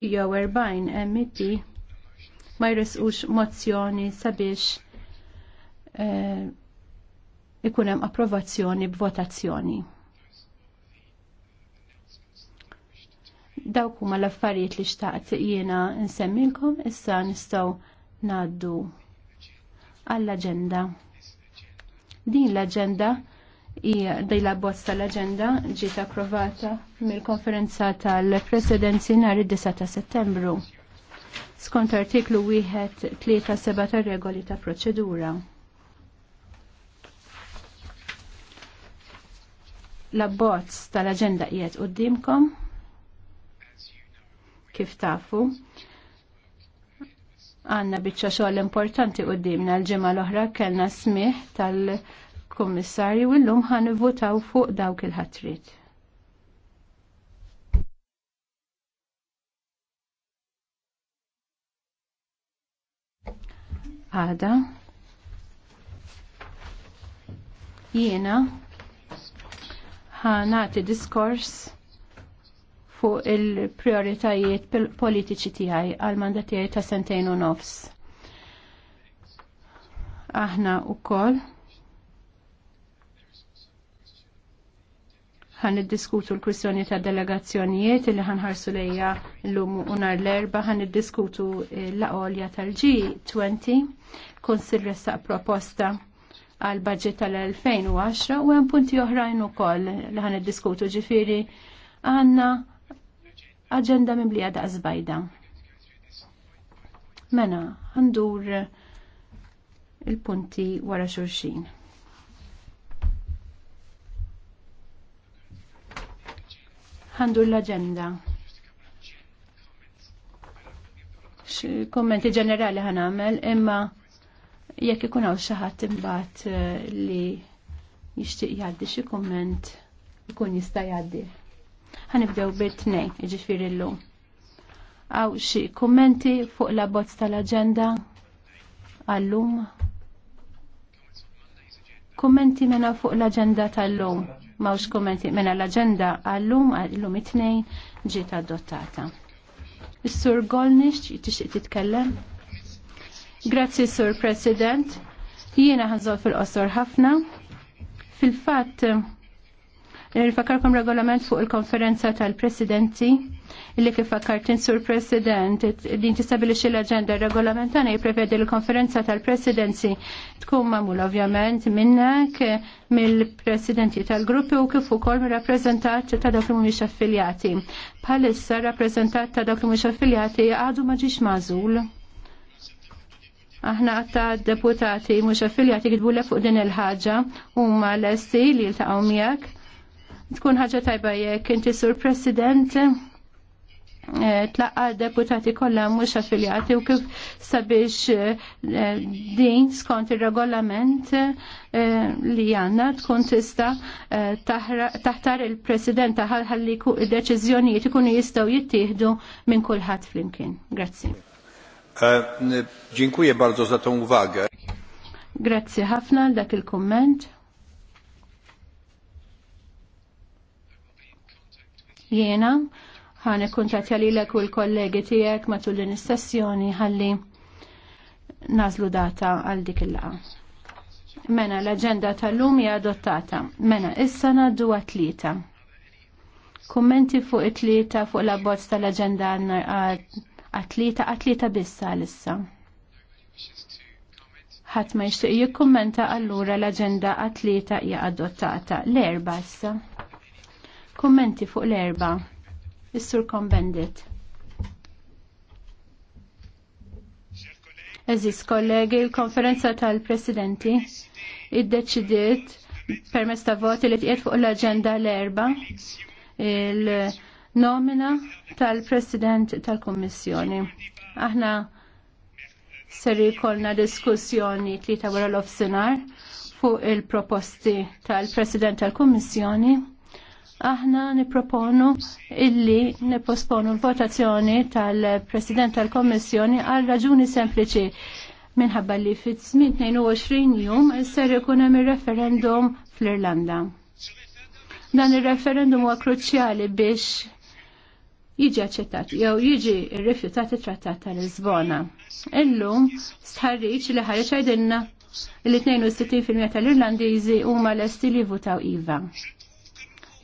jew 40 MT e ma jresqux mozzjoni sabiex e, ikun hemm approvazzjoni b'votazzjoni. Dawk huma l-affarijiet li xtaqt jiena nsemmilkom issa nistgħu ngħaddu għall-aġenda. Din l-aġenda dejla bosta l-agenda ġiet approvata mill-konferenza tal-presidenzi nhar id-9 ta' settembru. Skont artiklu 1 tar ta' regoli ta' proċedura. L-abbozz tal-agenda qiegħed qudiemkom kif tafu għanna biċċa xogħol importanti u l ġimgħa l-oħra kellna smih tal- Kommissarju, illum ħan votaw fuq dawk il-ħatrit. Għada. Jiena nagħti diskors fuq il-prioritajiet politiċi tiegħi għal mandat tiegħi ta' sentejn u nofs. Aħna u koll ħan id-diskutu l-kwistjoni ta' delegazzjonijiet li ħan ħarsu lejja l-lum u nar l-erba ħan diskutu eh, l-aqolja tal-G20 konsidra sa' proposta għal budget tal-2010 u għem punti oħrajn u koll li ħan id-diskutu ġifiri għanna agenda mimlija da' zbajda. Mena, għandur il-punti wara xurxin. għandu l-agenda. Kommenti ġenerali ħan għamel, imma jekk ikun hawn xi ħadd imbagħad eh, li jixtieq jgħaddi xi kumment ikun jista' jgħaddi. ibdew bit-tnejn, jiġifieri llum. Għaw xi kummenti fuq la bozz tal-aġenda għallum. Kummenti mena fuq l-aġenda tal-lum mawx kommenti mena l-agenda għallum għallum it-tnejn ġiet adottata. Is-Sur Golnish tixtieq titkellem? Grazzi Sur President. Jiena ħanżol fil-qosor ħafna. Fil-fatt, Rifakarkom eh, regolament fuq il-konferenza tal-presidenti illi kif fakkartin sur President din tistabilixi l-agenda regolamentana jiprevedi l-konferenza tal-presidenzi tkun mamul ovvjament minnek mill-presidenti tal-gruppi u kif ukoll mir-rappreżentat ta' dawk li mhumiex affiljati. Bħalissa rappreżentat ta' dawk li mhumiex affiljati għadu ma ġiex mażul. Aħna għatta deputati mhux affiljati kitbu fuq din il-ħaġa huma lesti li jiltaqgħu miegħek. Tkun ħaġa tajba jekk inti sur President tlaqqa deputati kollha mhux affiljati u kif sabiex eh, din skont ir-regolament eh, li għandna tkun tista eh, taħtar il-President ħalli deċiżjonijiet ikunu jistgħu jittieħdu minn kulħadd flimkien. Grazzi. Dziękuję bardzo za tą uwagę. Grazzi ħafna dak il-kumment. Jena ħane kuntatja li l-ek u l-kollegi tijek matul din is-sessjoni ħalli nazlu data għal dik il-laqa. Mena l-agenda tal-lum hija adottata. Mena issa naddu t tlieta Kummenti fuq it-tlieta fuq l-abbozz tal-agenda għat-tlieta għat-tlieta bissa l-issa ħadd ma jixtieq jikkummenta allura l-aġenda għat-tlieta hija adottata l-erba issa. Kummenti fuq l-erba. Is-Sur Kombendit. Eżis kollegi, il-konferenza tal-presidenti id-deċidiet permess ta' voti li tqiet fuq l-agenda l-erba il-nomina tal-president tal-kommissjoni. Aħna seri kolna diskussjoni li wara l-ofsinar fuq il-proposti tal-president tal-kommissjoni aħna niproponu illi niposponu l-votazzjoni tal-President tal-Kommissjoni għal raġuni sempliċi minħabba li fit 22 jum ser ikun hemm ir-referendum fl-Irlanda. Dan ir-referendum huwa kruċjali biex jiġi aċċettat jew jiġi rrifjutat it-Trattat tal-Lisbona. Illum stħarriġ li ħareġ għajdilna l-62% tal-Irlandiżi huma lesti li votaw iva.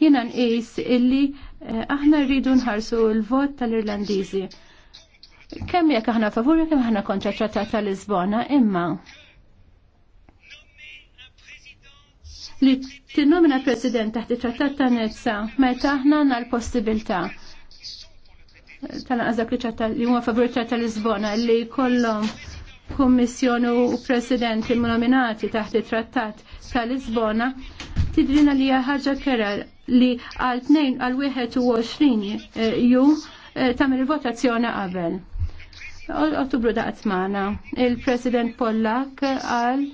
Jiena nqis illi eh, aħna rridu nħarsu l-vot tal-Irlandiżi. Kemm jekk aħna favur kemm aħna kontra trattat tal-Lisbona, imma li tinnomina president taħt it-trattat ta' Nizza ma aħna għandna l-possibilità tal li dak li huwa favur trattat tal-Lisbona li kollom kummissjoni u presidenti nominati taħt it-trattat tal-Lisbona tidrina li hija ħaġa kera li għal 2 għal 21 eh, jum eh, tamil votazzjoni qabel. Ottubru daqt maħna, il-President Pollak għal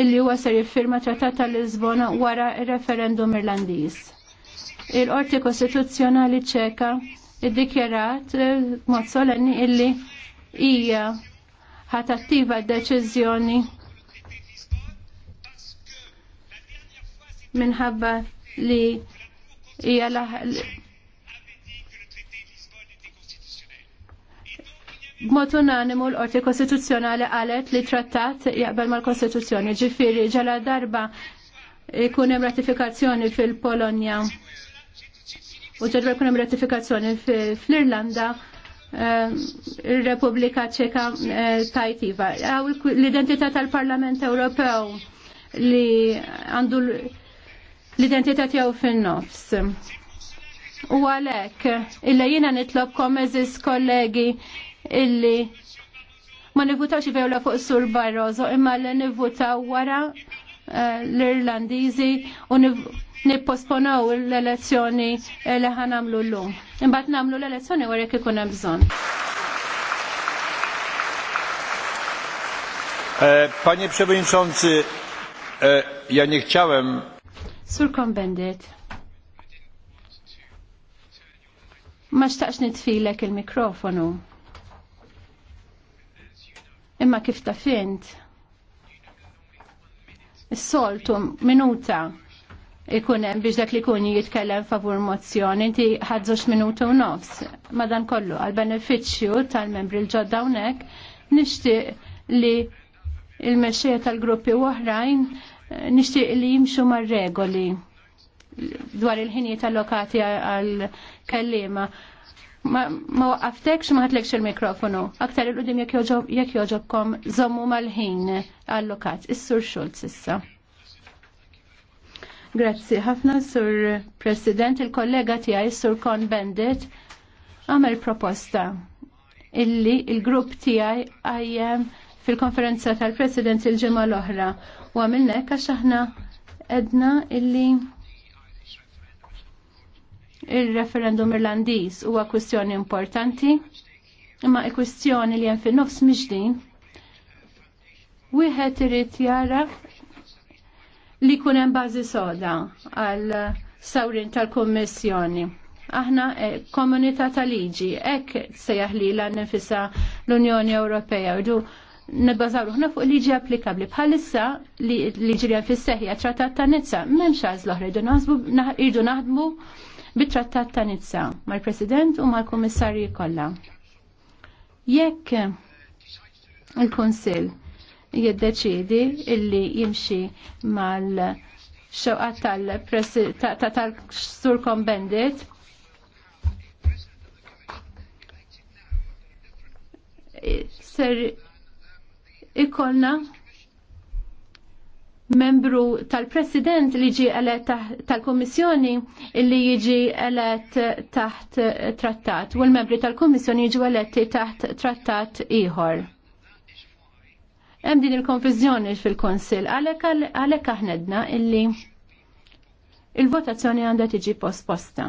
illi huwa ser jiffirma trattat tal-Lisbona wara il-referendum irlandiż. Il-Qorti Kostituzzjonali ċeka id-dikjerat eh, mod solenni illi hija ħatattiva d-deċiżjoni minħabba li hija B'mod unanimu l-Qorti Kostituzzjonali qalet li trattat jaqbel mal-Kostituzzjoni, ġifiri ġala darba jkun hemm ratifikazzjoni fil-Polonja u ġadwar jkun hemm ratifikazzjoni fl-Irlanda eh, il-Repubblika Ċeka eh, tajtiva. L-identità tal-Parlament Ewropew li għandu l-identità tiegħu fin-nofs. U għalhekk illa jiena nitlobkom eżis kollegi illi ma nivutawx la fuq Sur Barroso imma li nivutaw wara eh, l-Irlandiżi u nipposponaw l-elezzjoni eh, li ħan ħanamlu l-lum. Imbagħad nagħmlu l-elezzjoni wara jekk ikun bżonn. Eh, panie Przewodniczący, ja nie chciałem Sur Kombendit. Ma xtaqx nitfilek il-mikrofonu. Imma kif ta' fint. Is-soltu minuta ikun hemm biex dak li kun jitkellem favur mozzjoni, inti ħadżux minuta u nofs. Madan kollu, għal benefiċċju tal-membri l-ġodda hawnhekk nixtieq li il-mexxejja tal-gruppi oħrajn nixtieq li jimxu mar-regoli dwar il-ħinijiet allokati għal-kellima. Ma waqqaftekx ma ħatlekx il-mikrofonu. Aktar il-qudiem jekk joġobkom żommu mal-ħin allokat. Is-Sur Schulz issa. Grazzi ħafna sur President il-kollega tiegħi sur Kon Bendit għamel proposta illi il-grupp tiegħi għajjem fil-konferenza tal-President il-ġimgħa l-oħra U għamilna ekka għax aħna edna illi il-referendum irlandiż huwa kwistjoni importanti, imma kwistjoni li hemm fin-nofs mhix Wieħed irid jara li jkun hemm bażi soda għal sawrin tal-Kummissjoni. Aħna eh, komunità ta' liġi, hekk sejjaħ li l l-Unjoni Ewropea. Irdu nibbażaw ruħna fuq liġi applikabli bħalissa li liġi li fis-seħja trattat ta' Nizza m'hemmx għażl oħra irdu naħdmu bit-trattat ta' Nizza mal-President u mal-Kummissarji kollha. Jekk il-Kunsill jiddeċidi illi jimxi mal- xewqat tal-sur kombendit. Ser ikolna membru tal-president li ġi elet tal-komissjoni li jiġi elet taħt trattat u l-membri tal-komissjoni jiġu eletti taħt trattat ieħor. Hemm din il konfizjoni fil-Konsil għalhekk aħnedna illi il-votazzjoni għandha tiġi posposta.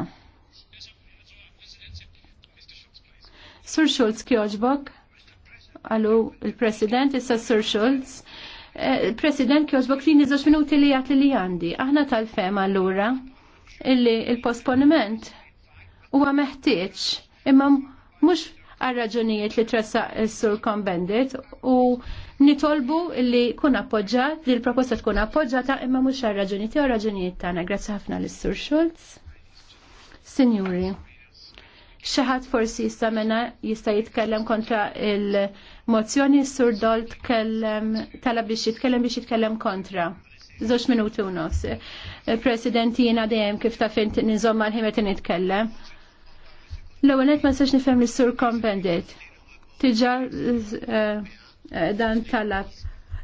Sur Schulz kjoġbok? għalu il-President, issa Sir Schulz. Il-President eh, kjożbok li nizoċ minuti li għat li għandi. Aħna tal-fem għallura illi il-posponiment huwa meħtieġ imma mhux għal raġunijiet li tressa il sur Combendit u nitolbu illi kun appoġġat, li l-proposta tkun appoġġata imma mhux għal raġunijiet u raġunijiet tagħna. Grazzi ħafna lis-Sur Schulz. Signori. Xaħat forsi jista mena jista jitkellem kontra il-mozzjoni s-sur tkellem tala biex jitkellem biex jitkellem kontra. Zoċ minuti u nos. President jina dejjem kif ta' fint nizomma l-ħimet nitkellem. L-għonet ma s-sax nifem l-sur kompendit. Tiġar eh, eh, dan talab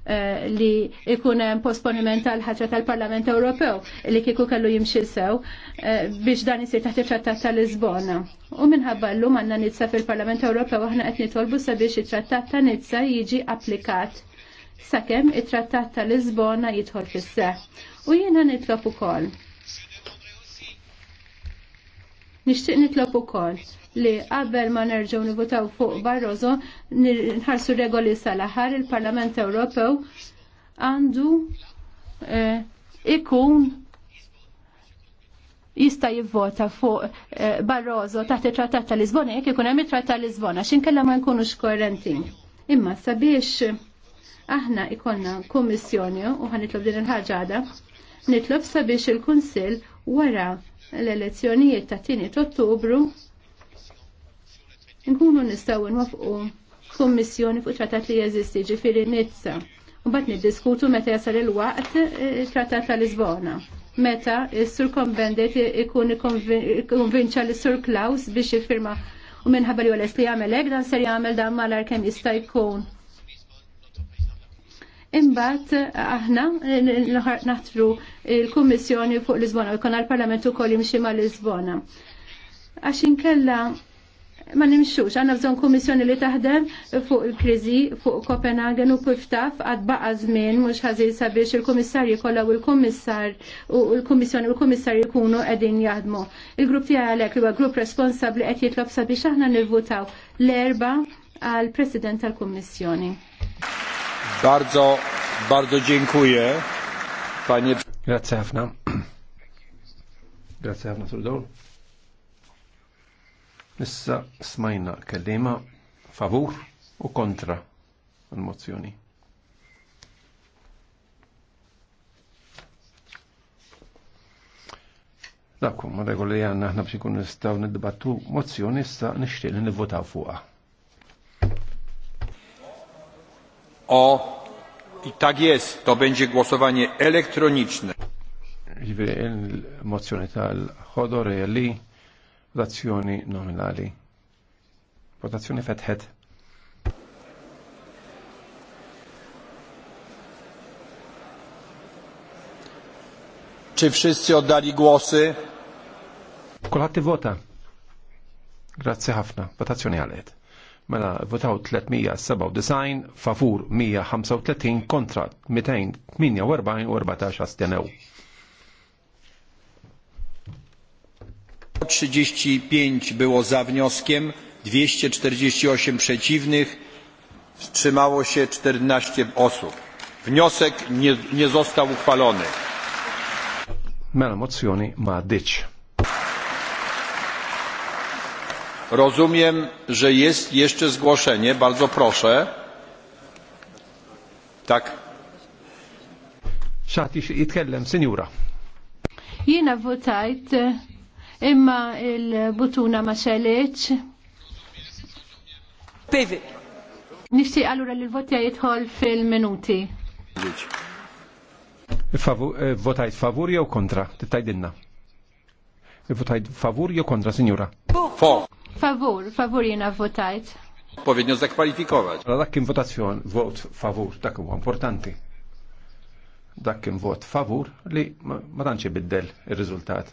Eh, li ikun hemm posponiment tal-ħatra tal-Parlament Ewropew li kieku kellu jimxi sew eh, biex dan isir taħt it-Trattat tal-Lisbona. U minħabba llum għandna Nizza fil-Parlament Ewropew aħna qed nitolbu sabiex it-Trattat ta' Nizza jiġi applikat sakemm it-Trattat tal-Lisbona jidħol fis-seħ. U jiena nitlob ukoll. Nixtieq nitlob ukoll li qabel ma nerġgħu nivotaw fuq Barroso nħarsu regoli sal-aħħar il-Parlament Ewropew għandu eh, ikun jista' jivvota fuq eh, Barroso taħt it-Trattat ta' Lisbona jekk ikun hemm it-Trattat tal Lisbona x'inkella ma nkunux koerenti. Imma sabiex aħna ikollna kummissjoni u ħanitlob din il-ħaġa għada, nitlob sabiex il-Kunsill wara l-elezzjonijiet ta' 2 Ottubru nkunu nistgħu nwafqu kummissjoni fuq trattat li jeżisti ġifiri Nizza. U bat niddiskutu meta jasal il-waqt eh, trattat ta' Lisbona. Meta s-sur konvendet ikun konvinċa l sur Klaus biex jiffirma u minħabba li għales li jagħmel hekk dan ser jagħmel dan malar kemm jista' jkun. Imbagħad eh, aħna eh, naħtru il-Kummissjoni fuq Lisbona u jkun għall parlamentu kolli jimxi ma' Lisbona. Għax inkella ma nimxux, għanna bżon kommissjoni li taħdem fuq il-krizi, fuq Kopenhagen u kuftaf, għad baqa zmin, mux ħazil sabiex il-komissarji kolla u il-komissar u il-komissjoni u il-komissarji kunu għedin jaħdmu. Il-grupp tija għalek li huwa grupp responsabli għed jitlob sabiex aħna nirvutaw l-erba għal-president tal-komissjoni. Bardzo, bardzo dziękuję. Grazie ħafna. Grazie afna Trudeau. Issa smajna kellima favur u kontra l-mozzjoni. Dakum, regoli għanna ħna bħi kun nistaw nid mozzjoni issa nishtiq li nivvotaw fuqa. O, i tak jest, to będzie głosowanie elektroniczne. Ġviri, il-mozzjoni tal-ħodor li votazzjoni nominali. Votazzjoni fetħet. Czy wszyscy oddali głosy? Kulħat wota. Grazzi ħafna. Votazzjoni għalet. Mela votaw 397 favur 135 kontra 248 u 14 astenew. trzydzieści było za wnioskiem, 248 przeciwnych, wstrzymało się 14 osób. Wniosek nie, nie został uchwalony. Mela mozzjoni ma dyć. Rozumiem, że jest jeszcze zgłoszenie. Bardzo proszę. Tak. Xaħti itkellem, seniora. Jena votajt imma il-butuna ma xeliċ. Pevi. Nishti għallura li l-votja jitħol fil-minuti. Eh, votajt favur jew kontra? Tittajdinna. Votajt favur jew kontra, signora? Favur, favur jena votajt. Odpowiednio zakwalifikować. Ale takim wotacjon, vot favur, tak u importanti. Dak kien vot favur li ma tantx biddel ir-riżultat.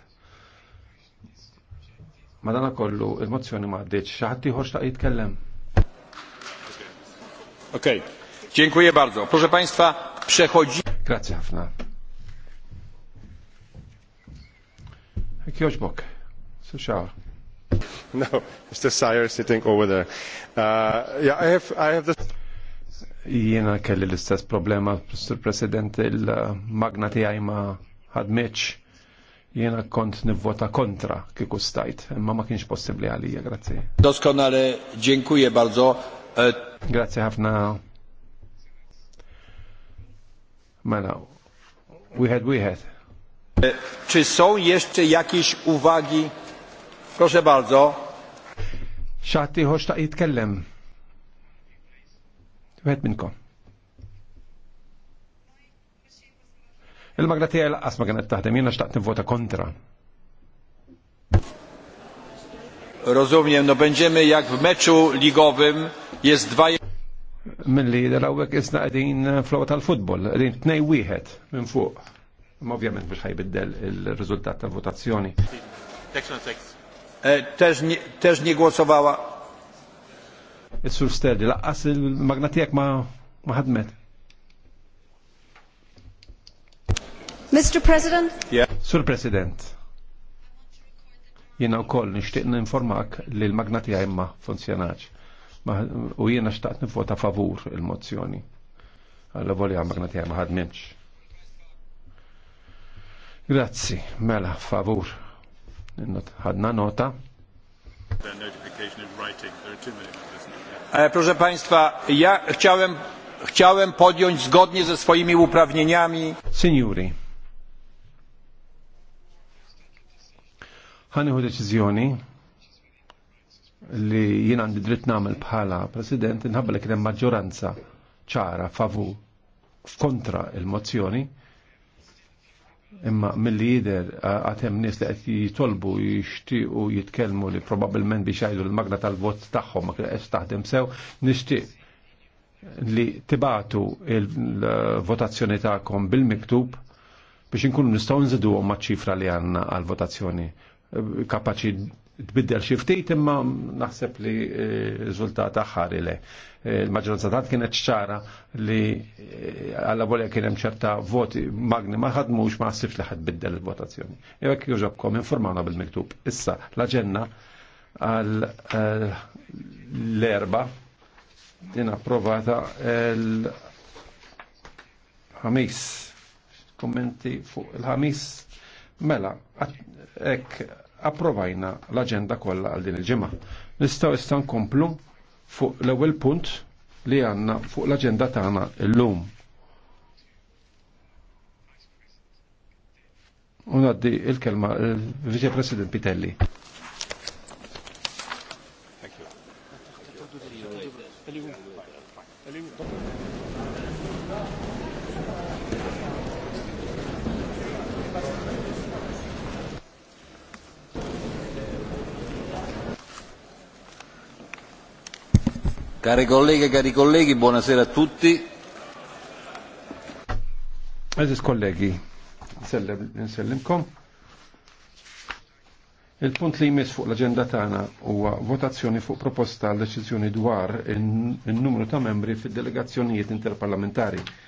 Madana kollu il-mozzjoni ma għaddiċ. Xaħti hoċ ta' jitkellem. Ok, Dziękuję bardzo. Proszę Państwa, przechodzi... Grazie ħafna. bok, suxaw. No, Mr. Sire sitting over there. Uh, yeah, I have, I have this... Jena kelli l-istess problema, Mr. President, il-magna tiegħi ma ħadmitx Jena kont nivvota kontra kiku stajt, imma ma kienx possibli għalija, grazie. Doskonale, dziękuję bardzo. E, grazie ħafna. Mela, wieħed wieħed. E, czy są jeszcze jakieś uwagi? Proszę bardzo. Xati hoċ ta' jitkellem. Wieħed minnkom. Il-magna tiegħi laqas ma kienet taħdem, jiena xtaqt nivvota kontra. Rozumiem, no będziemy jak w meczu ligowym jest dwa Milli darawek isna għedin flow tal-futbol, t-nej wieħed minn fuq. Ovvjament biex ħajbiddel il-riżultat tal-votazzjoni. E, też nie głosowała. Is-sur Sterdi laqqas il-magna tiegħek ma ħadmet. Mr. President? Yeah. Sur President. Jena u koll nishtiq ninformak li l-magnati għajma funzjonaċ. U jena xtaqt nifota favur il-mozzjoni. Għalla voli għam magnati għajma ħadmimx. Grazzi, mela, favur. Ħadna nota. E, proszę Państwa, ja chciałem, chciałem podjąć zgodnie ze swoimi uprawnieniami. Signori. ħaniħu deċiżjoni li jien għandi dritt nagħmel bħala President inħabba li kien maġġoranza ċara favu kontra il-mozzjoni imma mill-li jider għatem nis li għet jitolbu jishtiqu jitkelmu li probabilment biex għajdu l-magna tal-vot taħħom ma kħed taħdem sew nishtiq li tibatu il-votazzjoni taħkom bil-miktub biex nkunu nistaw nżidu għom ċifra li għanna għal-votazzjoni kapaċi tbiddel xi ftit imma naħseb li eh, riżultat aħħar ile. Eh, il-maġġoranza tat kienet ċara li eh, alla volja kien hemm ċerta voti magni ma ħadmux ma ħsibx li ħad biddel il-votazzjoni. Jekk jogħġobkom informawna bil-miktub. Issa l-aġenna għal l-erba din approvata l-ħamis kommenti fuq il-ħamis mela ek approvajna l-agenda kollha għal din il-ġimgħa. Nistgħu issa nkomplu fuq l-ewwel punt li għandna fuq l-aġenda tagħna llum. U ngħaddi il-kelma il vice President Pitelli. Thank you. Care colleghe, cari colleghi, buonasera a tutti. Aziz kollegi, nsellimkom. Il-punt li jmiss fuq l-agenda tagħna huwa votazzjoni fuq proposta l deċiżjoni dwar il numru ta' membri fid-delegazzjonijiet interparlamentari.